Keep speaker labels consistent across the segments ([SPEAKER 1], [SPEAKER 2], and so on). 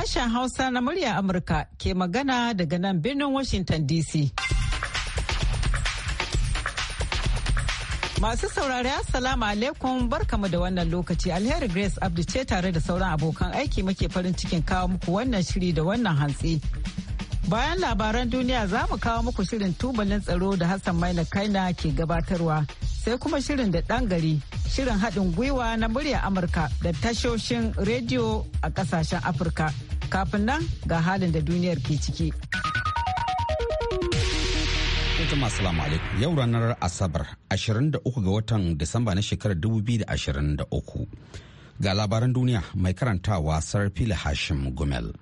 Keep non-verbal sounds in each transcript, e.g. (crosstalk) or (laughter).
[SPEAKER 1] Sashen Hausa na murya Amurka ke magana daga nan birnin Washington DC. Masu saurari Assalamu alaikum barkamu da wannan lokaci alheri Grace Abdu ce tare da sauran abokan aiki muke farin cikin kawo muku wannan shiri da wannan hantsi. Bayan labaran duniya za mu kawo muku shirin tubalin tsaro da Hassan Maina Kaina ke gabatarwa sai kuma shirin da ɗan gari shirin haɗin gwiwa na murya Amurka da tashoshin rediyo a ƙasashen Afirka. Kafin nan ga halin da duniyar ke ciki.
[SPEAKER 2] Jama'a salamu alaikum yau ranar Asabar 23 ga watan Disamba na shekarar 2023. Ga labaran duniya mai karantawa Sarfila Hashim Gumel.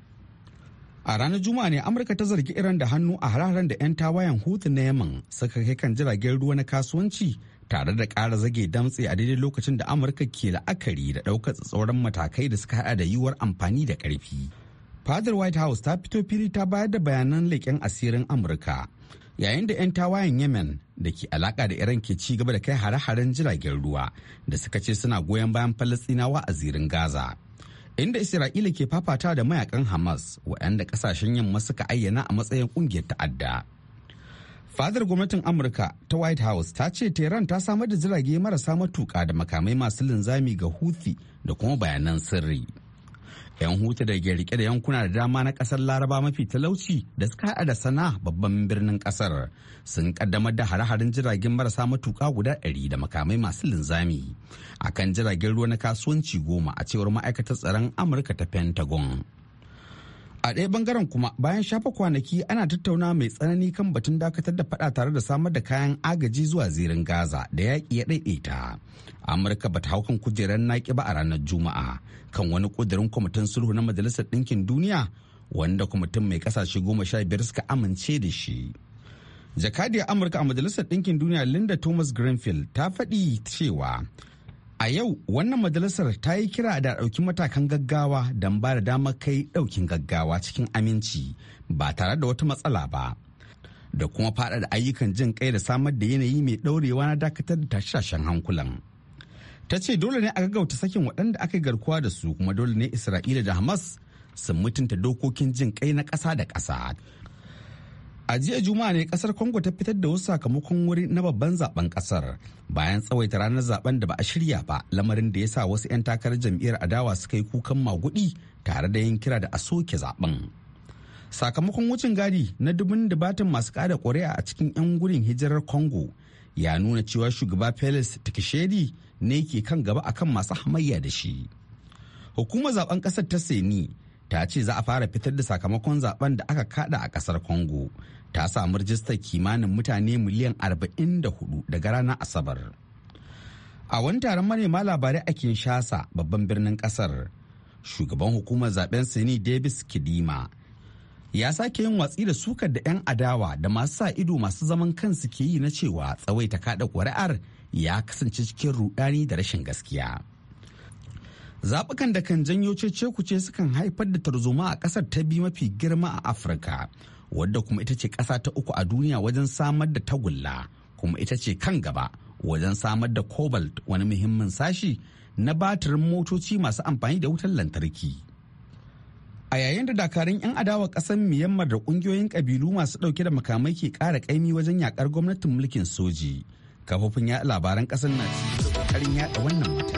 [SPEAKER 2] A ranar Juma'a ne Amurka ta zargi Iran da hannu a hararen da 'yan tawayen Hutu na Yemen suka kai kan jiragen ruwa na kasuwanci tare da ƙara zage damtse a daidai lokacin da Amurka ke la'akari da ɗaukar tsatsauran matakai da suka haɗa da yiwuwar amfani da ƙarfi. Fadar White House ta fito fili ta bayar da bayanan leƙen asirin Amurka yayin da 'yan tawayen Yemen da ke alaƙa da Iran ke ci gaba da kai hare-haren jiragen ruwa da suka ce suna goyon bayan Falastinawa a zirin Gaza. inda Isra'ila ke fafata da mayakan Hamas waɗanda ƙasashen yamma suka ayyana a matsayin ƙungiyar ta'adda. Fadar gwamnatin Amurka ta White House ta ce Tehran ta samar da jirage marasa matuƙa da makamai masu linzami ga Houthi da kuma bayanan sirri. 'yan hutu da ke rike da yankuna da dama na kasar laraba mafi talauci da suka haɗa da sana babban birnin kasar sun kaddamar da hare-haren jiragen marasa matuka guda 100 da makamai masu linzami a kan jiragen ruwa na kasuwanci goma a cewar ma'aikatar tsaron amurka ta pentagon a ɗaya bangaren kuma bayan shafa kwanaki ana tattauna mai tsanani kan batun dakatar da fada tare da samar da kayan agaji zuwa zirin gaza da yaƙi ya ɗaiɗaita amurka bata hau kan kujerar naƙi ba a ranar juma'a kan wani ƙudurin kwamitin sulhu na majalisar ɗinkin duniya wanda kwamitin mai ƙasashe goma sha biyar suka amince da shi jakadiyar amurka a majalisar ɗinkin duniya linda thomas greenfield ta faɗi cewa A yau wannan majalisar ta yi kira da ɗauki matakan gaggawa don ba da damar kai ɗaukin gaggawa cikin aminci ba tare da wata matsala ba. Da kuma faɗaɗa ayyukan jin kai da samar da yanayi mai ɗaurewa na dakatar da tashashen hankulan. Ta ce dole ne a gaggauta sakin waɗanda aka garkuwa da su kuma dole ne Isra'ila da Hamas sun mutunta dokokin jin kai na ƙasa da ƙasa. A jiya Juma'a ne kasar Congo ta fitar da wasu sakamakon wuri na babban zaben kasar bayan tsawaita ranar zaben da ba a shirya ba lamarin da ya sa wasu 'yan takarar jam'iyyar adawa suka yi kukan magudi tare da yin kira da a soke zaben. Sakamakon wucin gadi na dubin dubatan masu kada ƙuri'a a cikin 'yan gudun hijirar Congo ya nuna cewa shugaba Felix Tikishedi ne ke kan gaba a kan masu hamayya da shi. Hukumar zaben kasar ta Seni ta ce za a fara fitar da sakamakon zaben da aka kada a kasar Congo. ta samu rajistar kimanin mutane miliyan 44 daga ranar asabar a wani taron manema labarai a kinshasa babban birnin kasar shugaban hukumar zaben sini davis kidima ya sake yin watsi da sukar da 'yan adawa da masu sa ido masu zaman kansu ke yi na cewa tsawaita kada ƙuri'ar ya kasance cikin rudani da rashin gaskiya zaɓukan da kan janyo cece kuce sukan haifar da tarzoma a ƙasar ta biyu mafi girma a afirka wadda kuma ita ce ƙasa ta uku a duniya wajen samar da tagulla kuma ita ce kan gaba wajen samar da cobalt wani muhimmin sashi na batirin motoci masu amfani da wutar lantarki. A yayin da dakarun 'yan adawa ƙasar miyamma da ƙungiyoyin kabilu masu ɗauke da makamai ke kara ƙaimi wajen yaƙar gwamnatin mulkin soji, kafofin ya labaran ƙasar na ci ƙoƙarin yaɗa wannan mata.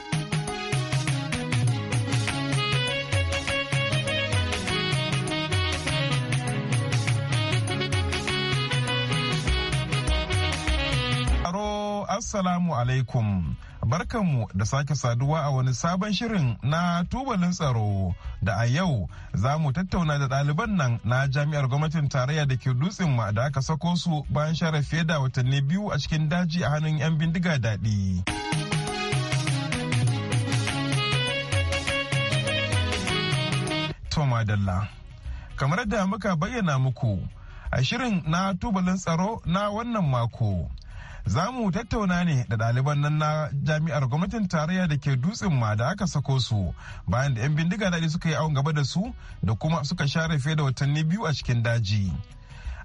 [SPEAKER 3] Assalamu alaikum. Barkanmu da sake saduwa a wani sabon shirin na tubalin tsaro da a yau za mu tattauna da ɗaliban nan na jami'ar gwamnatin tarayya da ke dutsen ma da aka sako su bayan share fiye da watanni biyu a cikin daji a hannun 'yan bindiga daɗi. Tomadalla. Kamar da muka bayyana muku, a shirin na tubalin tsaro na wannan mako. za mu tattauna ne da ɗaliban nan na jami'ar gwamnatin tarayya da ke dutsen ma da aka sako su bayan da 'yan bindiga daɗi suka yi awon gaba da su da kuma suka share fiye da watanni biyu a cikin daji.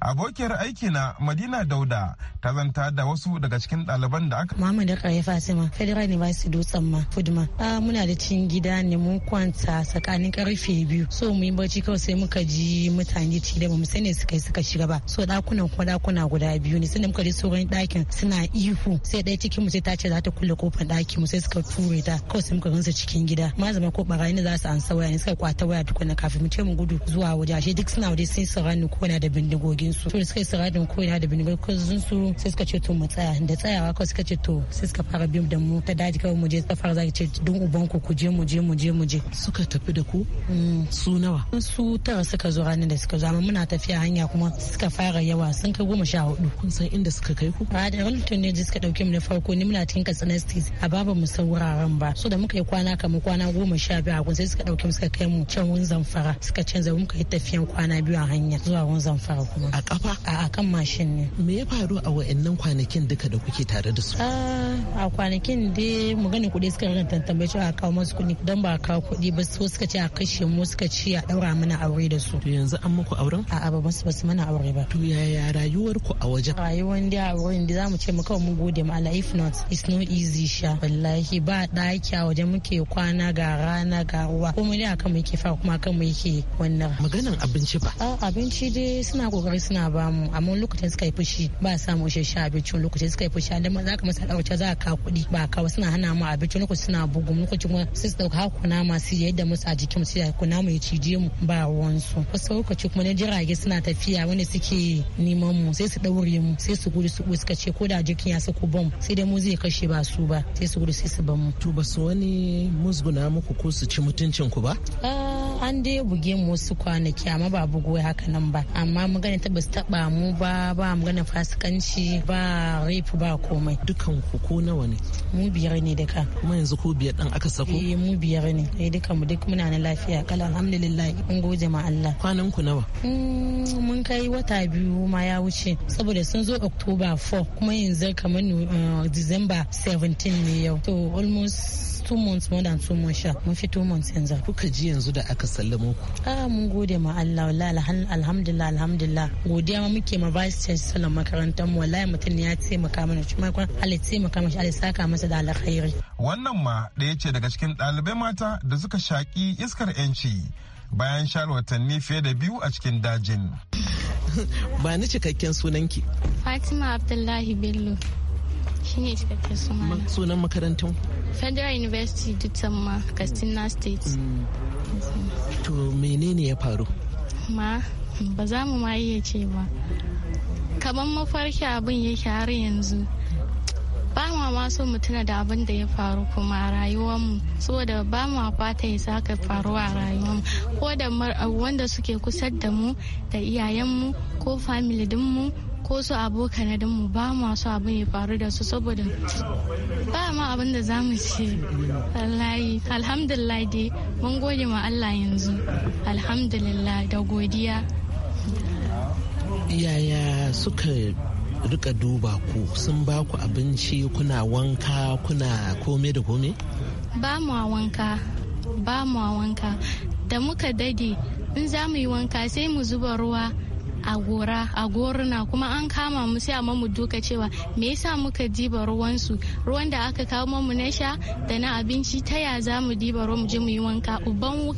[SPEAKER 3] abokiyar aiki na madina dauda ta zanta da wasu daga cikin ɗaliban da aka
[SPEAKER 4] muhammad da ƙarfi fatima federal university dutsen ma fudma a ah, muna da cin gida ne mun kwanta tsakanin karfe biyu so mu yi barci kawai sai muka ji mutane ci da mu sani suka suka shiga ba so dakunan kuma dakuna guda biyu ne sannan muka ji sauran ɗakin suna ihu sai ɗaya cikin mu sai ta ce za ta kulle kofar ɗakin mu sai suka ture ta kawai sai muka gansa cikin gida ma zama ko ɓarayi ne za su ansa waya ne suka kwata waya tukuna kafin mu ce mu gudu zuwa waje ashe duk suna waje sai su rani ko na da bindigogi su to suka yi saradin koya da binigar sun su sai suka ce to mu tsaya da tsayawa kawai suka ce to sai suka fara bin da mu ta daji kawai mu je ta fara zaki ce dun uban ku ku je mu je mu je mu je suka tafi da ku mm. su nawa su tara suka zo ranar da suka zo amma muna tafiya hanya kuma suka fara yawa sun kai goma sha hudu kun san inda suka kai ku a da wani tunne ji suka dauke mu na farko ni muna cikin katsina a baba mu san wuraren ba so da muka yi kwana kamar kwana goma sha biyu a kun sai suka dauke mu suka kai mu can wun zamfara suka canza muka yi tafiyan kwana biyu a hanya zuwa wun zamfara kuma a kafa a kan mashin ne me ya faru a wa'annan kwanakin duka da kuke tare da su a kwanakin dai magana kuɗi suka rinka tantambai cewa a kawo masu kuɗi dan ba kawo kuɗi ba su suka ce a kashe mu suka ce a daura mana aure da su to yanzu an muku auren a ba basu basu mana aure ba to yaya rayuwar ku a wajen rayuwar da a wurin da zamu ce mu kawai mu gode ma Allah if not it's no easy sha wallahi ba ɗaki a wajen muke kwana ga rana ga ruwa komai ne akan mu yake fa kuma akan mu yake wannan maganan abinci ba abinci dai suna kokari suna ba mu amma lokacin suka yi fushi ba sa mu isasshen abincin lokacin suka yi fushi a za zaka masa alƙawarci za ka kuɗi ba kawo suna hana mu abincin lokacin suna bugu mu lokacin kuma su su ɗauka kuna masu yadda musu a jikin su ya kuna mu ya cije mu ba wansu wasu lokaci kuma na jirage suna tafiya wanda suke neman mu sai su ɗaure mu sai su gudu su suka ce ko da jikin ya saku bom sai dai mu zai kashe ba su ba sai su gudu sai su ban mu. to ba su wani musguna muku
[SPEAKER 5] ko su ci mutuncin ku ba.
[SPEAKER 4] Ah, an dai buge mu wasu kwanaki amma ba bugu haka nan ba amma magana ta basu taba mu ba ba magana fasikanci ba rape ba komai dukan ku ko nawa ne mu biyar ne duka
[SPEAKER 5] kuma yanzu ko biyar dan aka sako eh mu
[SPEAKER 4] biyar ne eh duka mu duk muna na lafiya kala alhamdulillah mun gode ma Allah kwanan ku nawa mm, mun kai wata biyu ma ya wuce saboda sun zo October 4 kuma yanzu kamar eh, December 17 ne yau to almost two months more than two months sha mun fi two months yanzu kuka ji yanzu da aka sallamo ku ah mun gode ma Allah wallahi alhamdulillah alhamdulillah godiya ma muke ma vice chancellor makarantar mu wallahi mutum ne ya maka mana shi ma kuma Allah maka mashi Allah saka masa da alkhairi
[SPEAKER 3] wannan ma da ce daga cikin dalibai mata da suka shaki iskar yanci bayan share watanni fiye da biyu a cikin dajin
[SPEAKER 6] (laughs) ba
[SPEAKER 5] ni cikakken sunanki
[SPEAKER 6] fatima abdullahi bello shine cikakken suna
[SPEAKER 5] sunan makarantun
[SPEAKER 6] federal university dutamma katsina state mm.
[SPEAKER 5] to menene ya faru
[SPEAKER 6] ma ba za mu ma iya ce ba kaman mafarki abin yake har yanzu ba ma ma so tuna da abin da ya faru kuma a rayuwarmu saboda ba ma fata ya saka faruwa a rayuwarmu ko da wanda suke kusa da mu da iyayenmu ko family dinmu ko su aboka na mu ba masu abin ya faru da su saboda ba ma abin da za mu ce wallahi alhamdulillah dai mun gode ma Allah yanzu alhamdulillah da godiya
[SPEAKER 5] yaya suka rika duba ku sun ba ku abinci kuna wanka kuna kome da kome
[SPEAKER 6] ba mu wanka ba mu wanka da muka dade in za mu yi wanka sai mu zuba ruwa a gora a goruna kuma an kama mu sai amma mu duka cewa me yasa muka diba ruwan su ruwan da aka kawo mamu na sha da na abinci ta ya za mu diba ruwan mu je mu yi wanka uban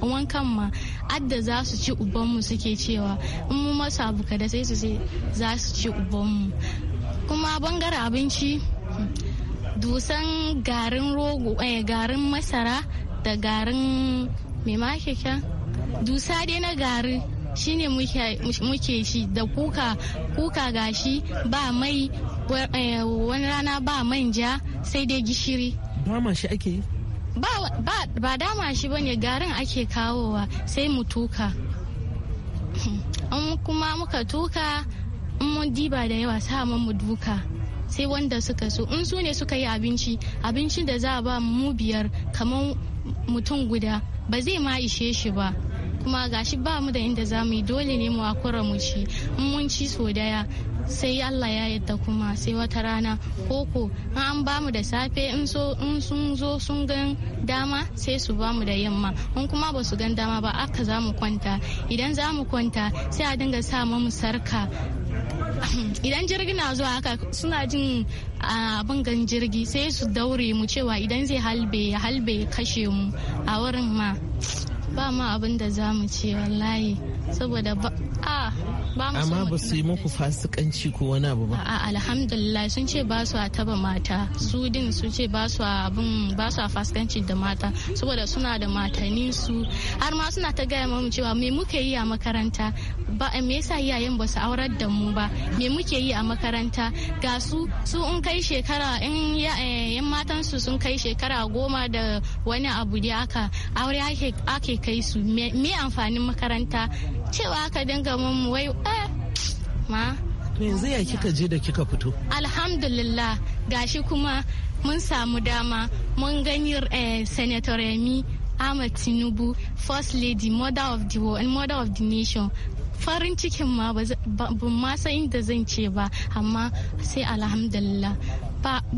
[SPEAKER 6] wankan ma adda za su ci uban mu suke cewa in mu masa abu kada sai su sai za su ci uban mu kuma bangare abinci dusan garin rogo eh, garin masara da garin mai dusa dai na gari shine muke shi da kuka kuka gashi ba mai wani rana ba manja sai dai gishiri dama shi ake ba dama shi bane garin ake kawowa sai mu tuka kuma muka tuka mun diba da yawa sa mu duka sai wanda suka so in su ne suka yi abinci abincin da za a ba mu biyar kamar mutum guda ba zai ma ishe shi ba kuma gashi ba mu da inda za mu yi dole ne mu akura mu ci mun ci so daya sai Allah ya yadda kuma sai wata rana koko an ba mu da safe in sun zo sun gan dama sai su ba mu da yamma in kuma ba su gan dama ba aka za mu kwanta idan za mu kwanta sai a dinga sa mu sarka (clears throat) idan jirgi na zuwa haka suna jin abin gan jirgi sai su daure mu cewa idan zai halbe halbe ya kashe mu a wurin ma ba ma abin da za mu ce wallahi saboda ba a ba mu amma ba su
[SPEAKER 5] yi muku fasikanci ko wani abu ba
[SPEAKER 6] a alhamdulillah sun ce ba su a taba mata su din su ce ba su abin ba su a fasikanci da mata saboda suna da matanin su har ma suna ta gaya mu cewa me muke yi a makaranta ba me yasa iyayen ba su aurar da mu ba me muke yi a makaranta ga su su in kai shekara in eh, yan matan su sun kai shekara goma da wani abu da aka aure ake kai su me amfanin makaranta cewa aka dinga mun wai ah, ma yanzu ya kika je
[SPEAKER 5] da kika fito
[SPEAKER 6] alhamdulillah gashi kuma mun samu dama mun gani eh, senator remi ahmad tinubu first lady mother of the world mother of the nation farin cikin ma ban ma san inda zan ce ba amma sai alhamdulillah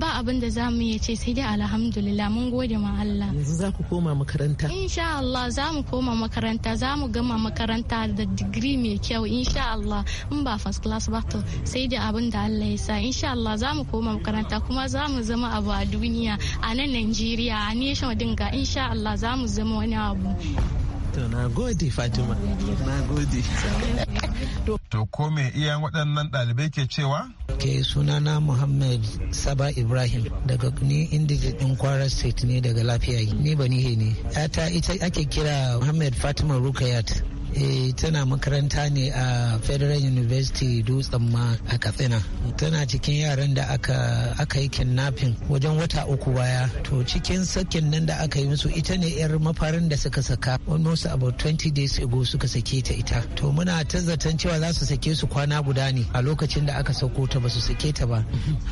[SPEAKER 6] ba abin da za mu iya ce sai dai alhamdulillah mun gode ma Allah
[SPEAKER 5] yanzu za ku koma makaranta
[SPEAKER 6] insha Allah za mu koma makaranta za mu gama makaranta da digiri mai kyau insha Allah in ba first class ba to sai dai abin da Allah ya sa insha Allah za mu koma makaranta kuma za mu zama abu a duniya a nan Najeriya a nation dinga insha Allah za mu zama wani abu
[SPEAKER 5] To na gode Fatima. Na gode.
[SPEAKER 3] To ko me iyan waɗannan ɗalibai ke cewa? Ke sunana Muhammad
[SPEAKER 5] Saba Ibrahim daga ni indiji ɗin Kwara State ne daga lafiya ni banihe ne. ta ita ake kira Muhammad Fatima Rukayat. eh tana makaranta ne a federal university dutsen ma a katsina tana cikin yaran da aka aka yi kidnapping wajen wata uku baya to cikin sakin nan da aka yi musu ita ne yar mafarin da suka saka almost about 20 days ago suka sake ta ita to muna ta zaton cewa za su sake su kwana guda ne a lokacin da aka sauko ta ba su sake ta ba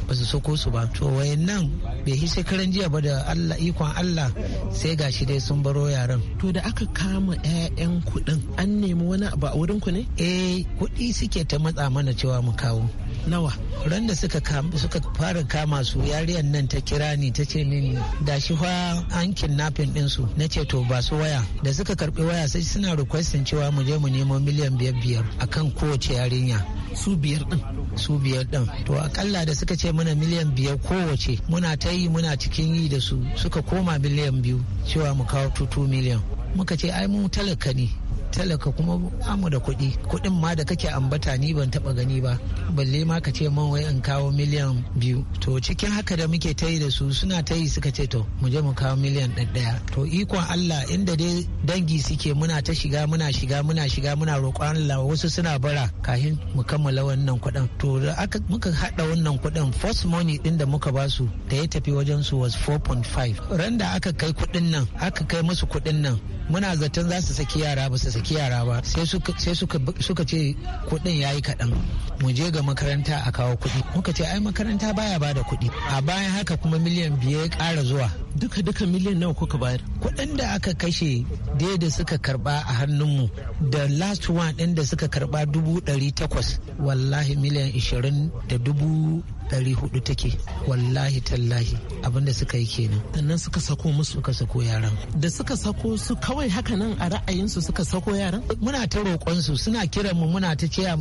[SPEAKER 5] ba su sako su ba to nan bai hi shekaran jiya ba da Allah ikon Allah sai gashi dai sun baro yaran to da aka kama 'ya'yan kuɗin an nemi wani ba a wurin ku ne eh kuɗi suke ta matsa mana cewa mu kawo nawa ran da suka suka fara kama su yariyan nan ta kira ni ta ce min da shi fa an kidnapping din su na ce to ba su waya da suka karbi waya sai suna requesting cewa mu je mu nemo miliyan biyar biyar akan kowace yarinya su biyar din su biyar din to akalla da suka ce mana miliyan biyar kowace muna ta yi muna cikin yi da su suka koma miliyan biyu cewa mu kawo 2 miliyan muka ce ai mu talaka ne talaka kuma amu da kuɗi kuɗin ma da kake ambata ni ban taɓa gani ba balle ma ka ce man wai in kawo miliyan biyu to cikin haka da muke ta yi da su suna ta yi suka ce to mu je mu kawo miliyan ɗaya to ikon Allah inda dai dangi suke muna ta shiga muna shiga muna shiga muna roƙon Allah wasu suna bara kafin mu kammala wannan kuɗin to da aka muka haɗa wannan kuɗin first money ɗin da muka ba su da ya tafi wajen su was 4.5 ran aka kai kuɗin nan aka kai musu kuɗin nan muna zaton za su saki yara ba su saki yara ba sai suka ce ya yi kaɗan mu je ga makaranta a kawo kuɗi muka ce ai makaranta baya bada kuɗi a bayan haka kuma miliyan biyar ƙara zuwa duka duka miliyan nawa kuka bayar kuɗin da aka kashe da da suka karba a hannun mu da last one ɗin da suka karba dubu ɗari takwas wallahi miliyan ishirin da dubu hudu take wallahi tallahi abinda suka yi kenan sannan suka sako musu suka sako yaran da suka sako su kawai haka nan a ra'ayinsu suka sako yaran muna ta roƙon su suna kira mu muna ta cewa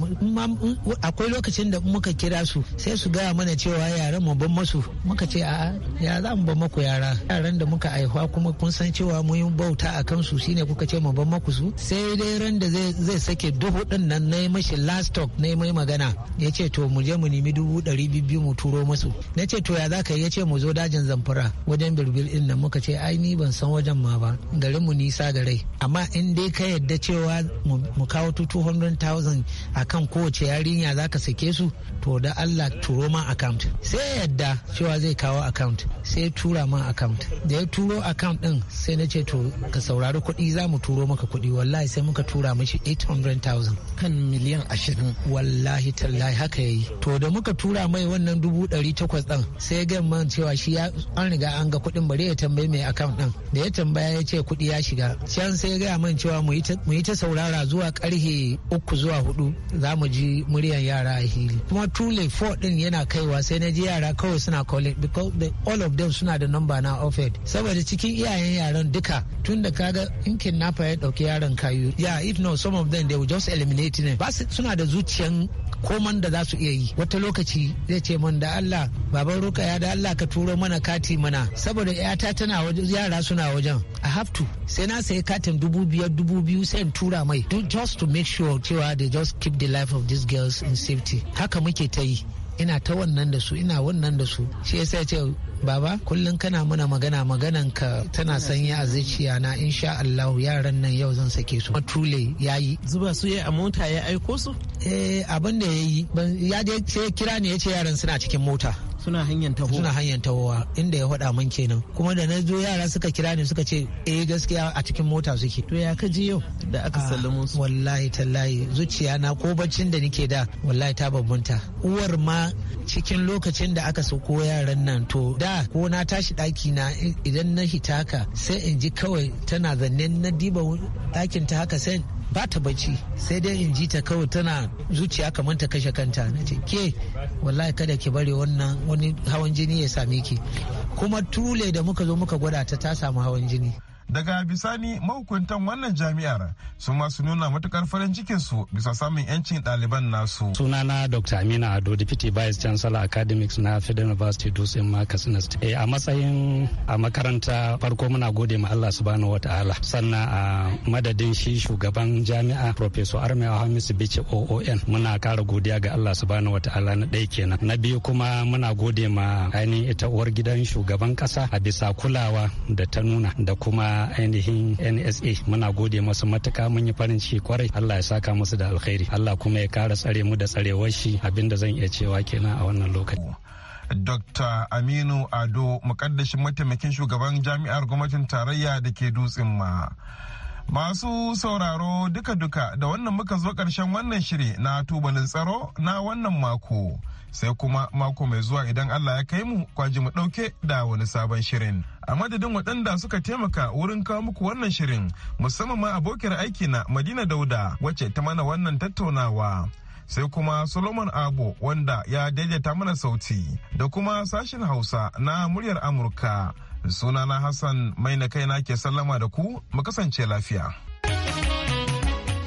[SPEAKER 5] akwai lokacin da muka kira su sai su gaya mana cewa yaran mu ban musu muka ce a'a ya za mu ban muku yara yaran da muka aihuwa kuma kun san cewa mun yi bauta a kansu shine kuka ce mu ban maku su sai dai ran da zai sake duhu din nan na yi mashi last talk na yi mai magana ya ce to mu je mu nemi dubu ɗari biyu bi mu turo musu na ce to ya zaka yace ce mu zo dajin zamfara wajen birbil din nan muka ce ai ni ban san wajen ma ba garin mu nisa ga rai amma in dai ka yadda cewa mu kawo 200,000 akan kowace yarinya zaka sake su to da Allah turo ma account sai yadda cewa zai kawo account sai ya tura min account da ya turo account din sai na ce to ka saurari kuɗi za mu turo maka kuɗi wallahi sai muka tura mishi 800,000 kan miliyan 20 wallahi tallahi haka yayi to da muka tura mai wannan dubu ɗari takwas ɗin sai ya man cewa shi ya an riga an ga kuɗin bari ya tambaye mai account din da ya tambaya ya ce kuɗi ya shiga can sai ya gaya man cewa mu yi ta saurara zuwa karhe uku zuwa hudu za mu ji muryan yara a hili kuma tule 4 din yana kaiwa sai na ji yara kawai suna calling because all of don suna da namba na ofed saboda cikin iyayen yaran duka tun da kaga in kidnapper ya dauki yaran kayu ya if no some of them they will just eliminate them ba suna da zuciyan koman da za su iya yi wata lokaci zai ce man da Allah baban ruka ya da Allah ka turo mana kati mana saboda yata tana wajen yara suna wajen i have to sai na sayi katin dubu biyar dubu biyu sai in tura mai just to make sure cewa they just keep the life of these girls in safety haka muke ta yi ina ta wannan da su ina wannan da su shi yasa ce baba kullum kana mana magana maganan ka tana sanya a zuciya na insha Allah yaran nan yau zan sake su matule yayi zuba su ya a mota ya aiko su eh abin da yayi ya je kira ne yace yaran suna cikin mota suna hanyar taho suna hanyar tahowa inda ya faɗa min kenan kuma da na zo yara suka kira ni suka ce eh gaskiya a cikin mota suke to ya ka yau da aka ah, sallamo su wallahi tallahi zuciya na ko baccin da nake da wallahi ta babbunta uwar ma cikin lokacin da aka sauko yaran nan to da ko na tashi ɗakina na idan na hitaka sai in ji kawai tana zanne na diba ɗakin ta haka sai ba ta bacci sai dai in ji ta kawai tana zuciya kamar ta kashe kanta na ce ke wallahi kada ki bari wannan wani hawan jini ya same ki kuma tule da muka zo muka gwada ta ta samu hawan jini
[SPEAKER 3] daga bisani mahukuntan wannan jami'ar su masu nuna matukar farin cikin su bisa samun yancin
[SPEAKER 2] ɗaliban nasu sunana dr amina ado deputy vice chancellor academics na federal university dutsen ma katsina state eh, a matsayin a makaranta farko muna gode ma allah subhanahu wa ta'ala sannan a madadin shi shugaban jami'a professor arme hamisu bichi oon muna kara godiya ga allah subhanahu wa ta'ala na ɗaya kenan na biyu kuma muna gode ma ainihin ita uwar gidan shugaban kasa a bisa kulawa da ta nuna da kuma a ainihin NSA muna gode masu matuka mun yi farin ciki kwarai Allah ya saka musu da alkhairi Allah kuma ya kara tsare mu da tsarewar shi abinda zan iya cewa kenan a wannan lokaci. Dr.
[SPEAKER 3] Aminu Ado, mukaddashin mataimakin shugaban jami'ar gwamnatin tarayya da ke dutsen ma. Masu sauraro duka-duka da wannan muka zo karshen wannan shiri na tubalin tsaro na wannan mako. Sai kuma mako mai zuwa idan Allah ya kai mu kwaji mu ɗauke da wani sabon shirin. A madadin waɗanda suka taimaka wurin kawo muku wannan shirin musamman ma abokiyar aiki na Madina Dauda wacce ta mana wannan tattaunawa. Sai kuma Solomon Abo wanda ya daidaita mana sauti da kuma sashin Hausa na muryar Amurka. sunana hassan mai na kaina ke sallama da ku mu kasance lafiya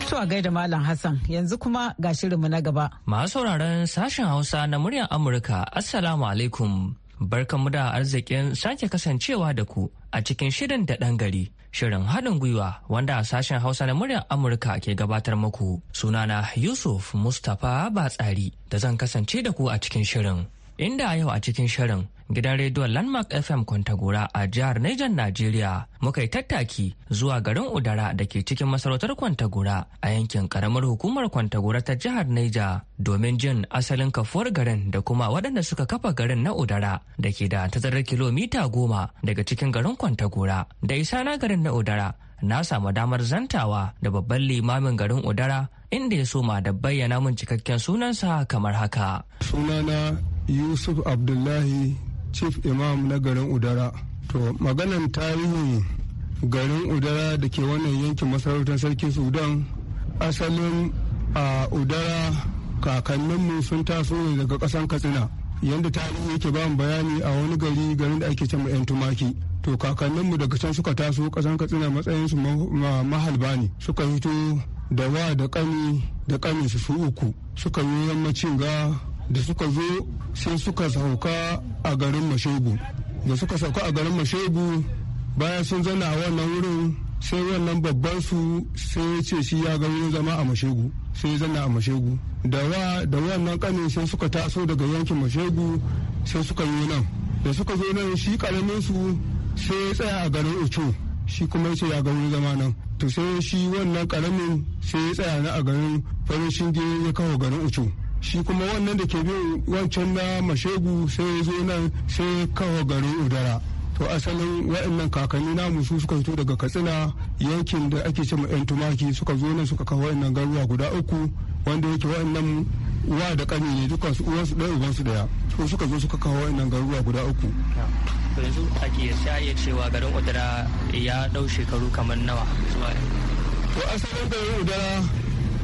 [SPEAKER 1] To gaida Malam Hassan yanzu kuma ga shirinmu na gaba.
[SPEAKER 7] Masu sauraron sashen Hausa na muryar Amurka Assalamu alaikum. Barkanmu da arzikin sake kasancewa da ku a cikin shirin da ɗan gari. Shirin haɗin gwiwa wanda sashen Hausa na muryar Amurka ke gabatar muku. Sunana Yusuf Mustapha Batsari da zan kasance da ku a cikin shirin. Inda yau a cikin shirin gidan rediyon landmark fm kwantagora a jihar Nijar najeriya muka yi tattaki zuwa garin udara da ke cikin masarautar kwantagora a yankin karamar hukumar kwantagora ta jihar Niger, domin jin asalin kafuwar garin da kuma waɗanda suka kafa garin na udara da ke da tazarar kilomita goma daga cikin garin kwantagora da isa na garin na udara na samu damar zantawa da babban limamin garin udara inda ya soma da bayyana mun cikakken sunansa kamar haka
[SPEAKER 8] sunana yusuf abdullahi chief imam na garin udara to maganan tarihin garin udara da ke wannan yankin masarautar sarkin sudan asalin a udara kakanninmu sun taso ne daga ƙasan katsina yadda tarihi yake ba bayani a wani gari garin da ake ce ma 'yan tumaki to kakanninmu daga can suka taso ƙasan katsina matsayinsu mahalba ne suka fito da wa da kani da ƙaninsu su uku suka yi yammacin ga da suka zo sai suka sauka a garin mashegu da suka sauka a garin mashegu bayan sun zana a wannan wurin sai wannan babban su sai ya ce shi ya ga wurin zama a mashegu sai zana a mashegu da wa da wannan kanin sai suka taso daga yankin mashegu sai suka yi nan da suka zo nan shi karamin su sai ya tsaya a garin ocho shi kuma ce ya ga wurin zama nan to sai shi wannan karamin sai ya tsaya na a garin farin shinge ya kawo garin ucu shi kuma wannan da ke biyu wancan na mashegu sai zo nan sai kawo garin udara to asalin waɗannan kakanni namu su suka fito daga katsina yankin da ake cewa yan tumaki suka zo nan suka kawo waɗannan garuruwa guda uku wanda yake waɗannan wa da ƙani ne dukkan su uwansu ɗaya ubansu ɗaya to suka zo suka kawo waɗannan garuruwa guda uku
[SPEAKER 7] to yanzu a kiyasta iya cewa garin udara ya ɗau shekaru kamar nawa
[SPEAKER 8] to asalin garin udara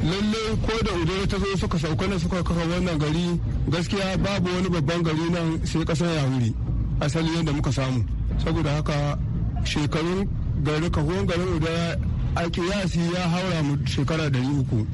[SPEAKER 8] lallai ko da udara ta zo suka sauka na suka kafa wannan gari gaskiya babu wani babban gari nan sai kasar yahuri asali yadda muka samu saboda haka shekarun gari kahon garin
[SPEAKER 7] udara ake yasi ya haura mu shekara uku.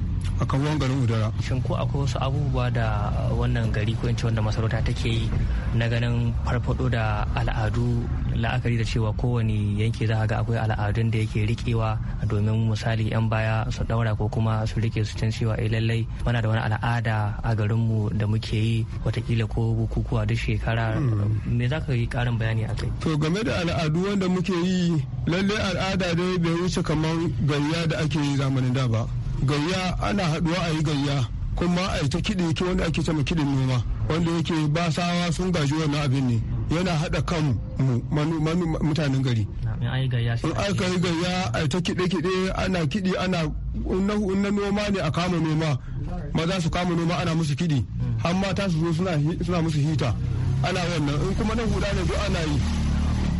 [SPEAKER 7] a garin udara shin ko akwai wasu abubuwa da uh, wannan gari ko ince wanda masarauta take yi na ganin farfado da al'adu la'akari da cewa kowane yanki za ga akwai al'adun da yake rikewa domin misali yan baya su daura ko kuma su rike su can cewa eh, lallai muna da wani al'ada a garinmu da muke yi watakila ko bukukuwa duk shekara hmm. me za ka yi karin bayani a kai
[SPEAKER 8] to game da al'adu wanda muke yi lallai al'ada dai bai wuce kamar gariya da ake yi zamanin da ba gayya ana haɗuwa a yi gayya kuma a ta kiɗi ke wanda ake cema kiɗin noma wanda yake basawa sun gaji wannan abin ne yana haɗa kan mu mutanen gari in aka yi gayya a ta kiɗe-kiɗe ana kiɗi ana na noma ne a kama noma maza su kama noma ana musu kiɗi hmm. har mata su zo suna musu hita ana wannan in kuma na huda ne ana yi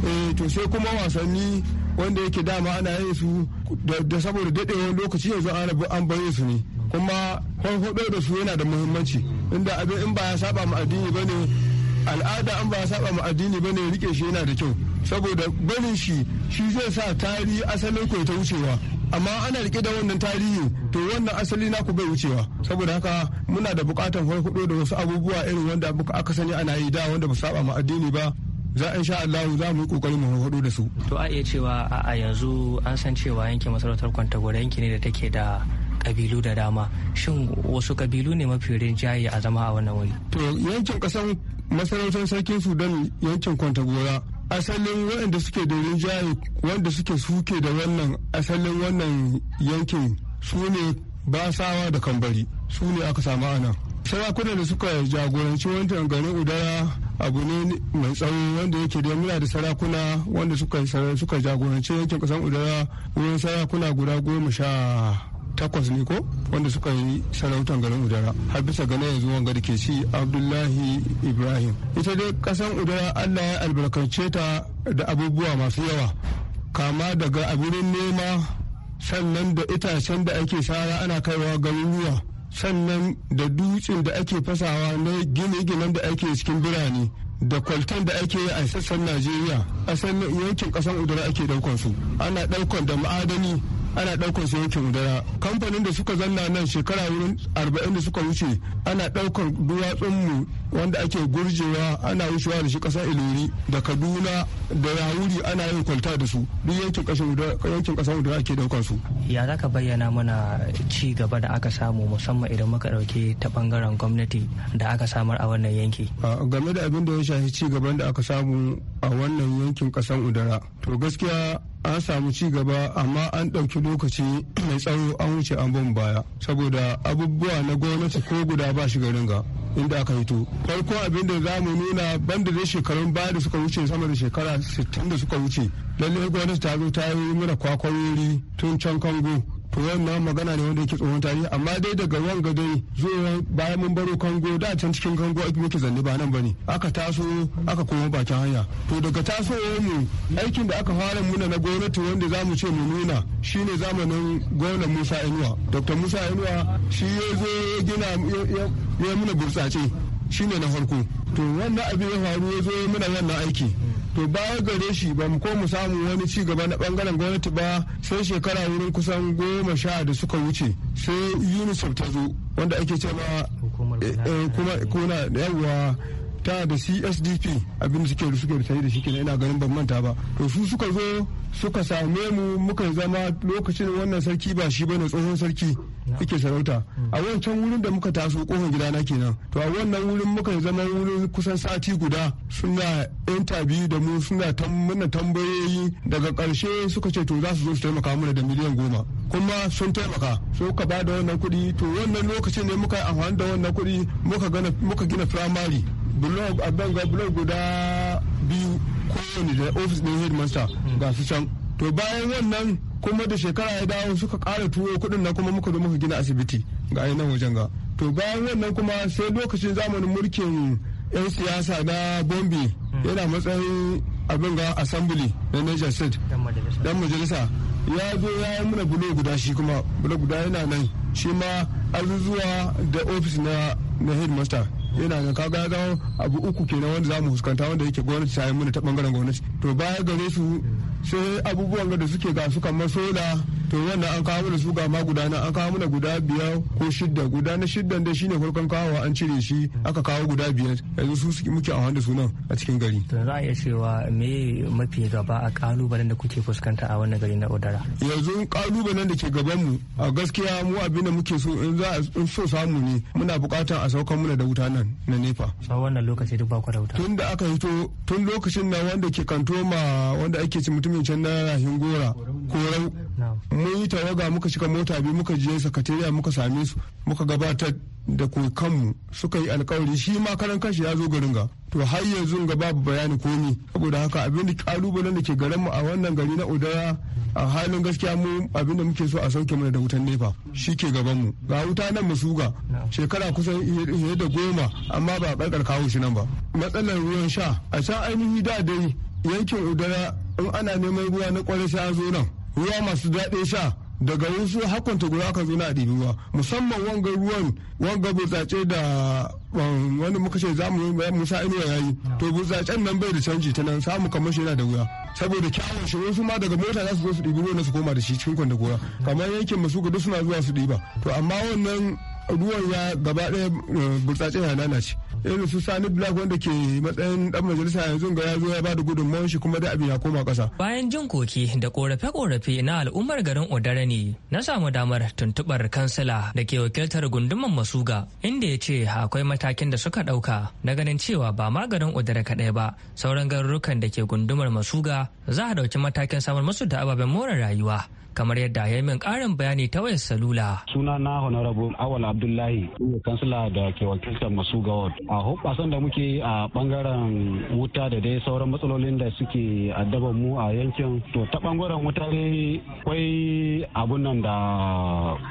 [SPEAKER 8] eh, to sai kuma wasanni wanda yake dama ana yin su da saboda daɗewar lokaci yanzu an baye su ne kuma kwanfaɗo da su yana da muhimmanci inda abin in ba ya saba ma addini ba ne al'ada in ba ya saba ma addini ba ne rike shi yana da kyau saboda barin shi shi zai sa tarihi asalin ku ta wucewa amma ana rike da wannan tarihi to wannan asali na ku bai wucewa saboda haka muna da bukatar farfado da wasu abubuwa irin wanda aka sani ana yi da wanda ba saba ma addini ba za
[SPEAKER 7] a sha Allah za mu yi kokarin mu hudu da su to a iya cewa a yanzu an san cewa yankin masarautar gore yanki ne da take da kabilu da dama shin wasu kabilu ne mafi rinjaye a zama a wannan wuri
[SPEAKER 8] to yankin kasan masarautar sarkin sudan yankin gora asalin waɗanda suke da rinjaye wanda suke suke da wannan asalin wannan yankin su ne basawa da kambari su ne aka samu ana sarakuna da suka jagoranci wancan garin udara abu ne mai tsawo wanda yake da muna da sarakuna wanda suka jagorance yankin kasan udara wurin sarakuna guda goma sha takwas ne ko wanda suka yi sarautar garin udara har bisa gane yanzu wanga da ke ci abdullahi ibrahim ita dai kasan udara allah ya albarkance ta da abubuwa masu yawa kama daga abirin nema sannan da itacen da ake sara ana kaiwa garuruwa sannan da dutsen da ake fasawa na gine-ginen da ake cikin birane da kwaltan da ake yi a sassan najeriya a sannan yankin kasan udara ake daukan su ana daukan da ma'adani ana daukan su yankin udara kamfanin da suka zanna nan shekara wurin arba'in da suka wuce ana daukan duwatsunmu wanda ake gurjewa ana wucewa da shi kasar ilori da kaduna da yawuri ana yin kwalta da su duk yankin yankin kasar udara ake daukar su
[SPEAKER 7] ya zaka bayyana mana ci gaba da aka samu musamman idan muka dauke ta bangaren gwamnati da aka samar a wannan yanki
[SPEAKER 8] game da abin da ya shafi ci gaban da aka samu a wannan yankin kasar udara to gaskiya an samu ci gaba amma an ɗauki lokaci mai tsawo an wuce an bin baya saboda abubuwa na gwamnati ko guda ba shi garin ga inda aka hito farko abin da za mu nuna banda da shekarun baya da suka wuce sama da shekara 60 da suka wuce lallai gwamnati ta zo ta yi mana kwakwarori tun can kango to na magana ne wanda yake tsohon tarihi amma dai daga ruwan gadai zuwa bayan mun baro kango da can cikin kango ake muke zanne ba nan ba ne aka taso aka koma bakin hanya to daga taso mu aikin da aka fara muna na gwamnati wanda za mu ce mu nuna shine zamanin gwamnan Musa Inuwa Dr. Musa Inuwa shi ya zo ya gina ya muna burtsace shine na farko to wannan abin ya faru ya zo muna wannan aiki to baya gare shi ba mu ko mu samu wani ci gaba na bangaren gwamnati ba sai shekara wurin kusan goma sha da suka wuce sai unicef ta zo wanda ake cewa eh, eh, kuma kuna yawa ta da csdp abin da suke suke da shi kenan ina ganin ban manta ba to su suka zo suka same mu muka zama lokacin wannan sarki ba shi bane tsohon sarki yake sarauta mm. a wancan wurin da muka taso kofar na kenan to a wannan wurin muka zama wurin kusan sati guda suna interview da mu suna mana tambayoyi daga karshe suka ce to za su zo su taimaka mana da miliyan goma kuma sun taimaka so ka ba da wannan kuɗi to wannan lokacin ne muka amfani da wannan kuɗi muka gina firamare blog a banga blog guda biyu kowane da ofis ɗin headmaster mm. ga su can to bayan wannan kuma da shekara ya dawo suka kara tuwo kuɗin na kuma muka zo muka gina asibiti ga nan wajen ga to bayan wannan kuma sai lokacin zamanin mulkin 'yan siyasa na bombi hmm. yana matsayin abin ga assembly na niger state
[SPEAKER 7] dan majalisa
[SPEAKER 8] ya zo ya yi mana bulo guda shi kuma bulo guda yana nan shi ma azuzuwa da ofis na na headmaster yana nan kaga ya abu uku kenan wanda za mu fuskanta wanda yake gwamnati ta yi mana ta bangaren gwamnati to baya gare su hmm. sai abubuwan da suke gasu kamar sola to wannan an kawo mana su ma guda na an kawo mana guda biyar ko shidda guda na shiddan da shine farkon kawo an cire shi aka kawo guda biyar yanzu su muke a da sunan a cikin gari
[SPEAKER 7] to za a iya cewa me mafi gaba a kalubalen da kuke fuskanta a wannan gari na odara
[SPEAKER 8] yanzu kalubalen da ke gaban mu a gaskiya mu abin da muke so in za in so samu ne muna bukatar a saukan muna da wuta nan na nefa
[SPEAKER 7] sau wannan lokaci duk ba ku da wuta tun da aka hito
[SPEAKER 8] tun lokacin na wanda ke kanto ma wanda ake ci mutumin can na rahin gora korau mun yi tawaga muka shiga mota biyu muka je sakatariya muka same su muka gabatar da kanmu suka yi alkawari shi ma karan kanshi ya zo garin ga to har yanzu ga babu bayani komi saboda haka abin da kalubalen da ke garinmu a wannan gari na udara a halin gaskiya mu abin da muke so a sauke mana da wutan nefa shi ke gabanmu ga wuta nan mu suga shekara kusan fiye da goma amma ba a ɓarkar kawo shi nan ba matsalar ruwan sha a can ainihi da dai yankin udara in ana neman ruwa na kwarai sai an zo nan ruwa masu daɗin sha daga wasu hakonta guda aka zo na ɗibi ba musamman wanga ruwan wanga burtsatse da um, wani muka ce za mu musa inuwa yayi to burtsatsen nan bai da canji ta nan samu kamar shi yana da wuya saboda kyawun shi wasu ma daga mota za su zo su ɗibi ruwan su koma da shi cikin kwanda gora kamar yankin masu duk suna zuwa su ɗiba to amma wannan ruwan ya gaba ɗaya eh, burtsatsen ya nanace irin su sani black wanda ke matsayin dan majalisa yanzu ga ya zo ya bada gudunmawar shi kuma da abin ya koma ƙasa.
[SPEAKER 7] bayan jin koki da korafe-korafe na al'ummar garin odara ne na samu damar tuntuɓar kansila da ke wakiltar gundumar masuga inda ya ce akwai matakin da suka ɗauka na ganin cewa ba ma garin odara kaɗai ba sauran garurukan da ke gundumar masuga za a ɗauki matakin samar musu da ababen more rayuwa kamar yadda ya min karin bayani ta wayar salula.
[SPEAKER 9] Suna na Honorable Awal Abdullahi, ne kansila da ke wakiltar masu gawar. A hoɓasan da muke a bangaren wuta da dai sauran matsalolin da suke addabar mu a yankin. To ta bangaren wuta dai akwai abun nan da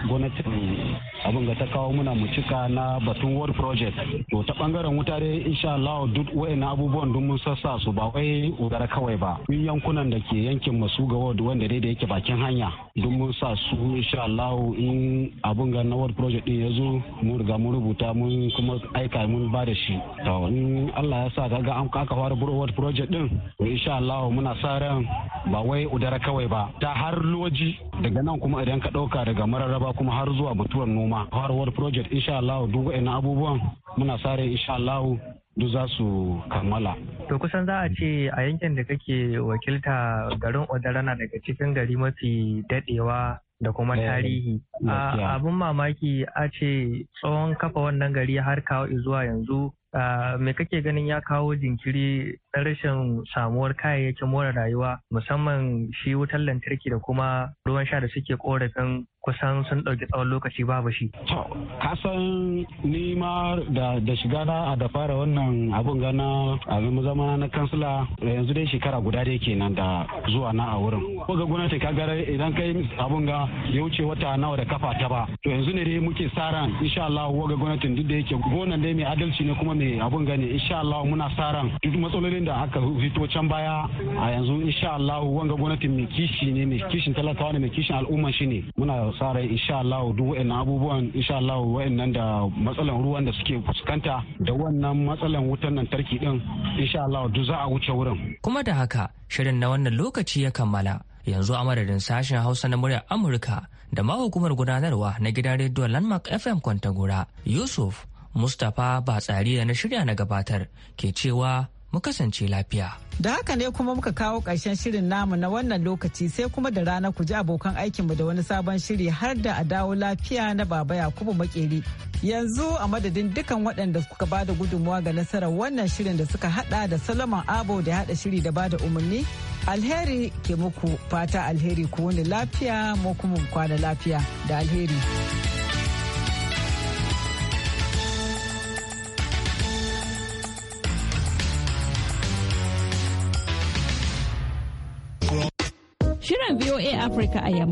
[SPEAKER 9] gwamnatin abin ga ta kawo muna mu cika na batun world project to ta bangaren wuta dai insha Allah duk wayannan abubuwan duk mun sassa su ba wai ugara kawai ba yankunan da ke yankin masu ga wanda dai da yake bakin hanya duk mun sa su insha Allah in abun ga na world project din ya zo mun riga mun rubuta mun kuma aika mun ba da shi to in Allah ya sa kaga an ka fara buru world project din insha Allah muna sa ran ba wai udara kawai ba ta har loji daga nan kuma idan ka dauka daga mararaba kuma har zuwa mutuwar noma har world project insha Allah duk wa'annan abubuwan muna sa ran insha Allah duk za su kammala. To kusan za
[SPEAKER 7] a ce a yankin da kake wakilta garin Odara na daga cikin gari mafi dadewa da kuma eh, tarihi. Abin mamaki a ce tsohon kafa wannan gari har kawo zuwa yanzu me kake ganin ya kawo jinkiri na rashin samuwar kayayyakin more rayuwa musamman shi wutar lantarki da kuma ruwan sha da suke korafin kusan sun ɗauki tsawon lokaci babu shi.
[SPEAKER 9] kasan ni ma da shiga na da fara wannan abun gana a zama zama na kansila yanzu dai shekara guda dai kenan da zuwa na a wurin. Ko ga gwamnati ka gara idan kai abun ga ya wuce wata nawa da kafa ta ba. To yanzu ne dai muke sa ran insha Allah ko ga gwamnatin duk da yake gonan dai mai adalci ne kuma mai abun gane insha Allah muna sa ran duk matsalolin da aka fito can baya a yanzu insha Allah wanga gwamnatin mai kishi ne mai kishin talakawa ne mai kishin al'umma shi ne muna sa insha Allah duk wa'annan abubuwan insha Allah wa'annan da matsalan ruwan da suke fuskanta da wannan matsalan wutan lantarki din insha Allah duk za a wuce wurin
[SPEAKER 7] kuma da haka shirin na wannan lokaci ya kammala yanzu a madadin sashen hausa na muryar amurka da ma hukumar gudanarwa na gidan rediyo landmark fm kwantagora yusuf mustapha batsari da na shirya na gabatar ke cewa mu kasance lafiya.
[SPEAKER 1] Da haka ne kuma muka kawo karshen shirin namu na wannan lokaci sai kuma da rana ku ji abokan aikinmu da wani sabon shiri har da a dawo lafiya na baba Yakubu Makeri. Yanzu a madadin dukan waɗanda kuka ba da gudunmawa ga nasarar wannan shirin da suka hada da Solomon Abo da hada shiri da ba da umarni. Alheri ke muku fata alheri ku wani lafiya mu kuma kwana lafiya da alheri.
[SPEAKER 4] Shirin VOA Africa a yamma.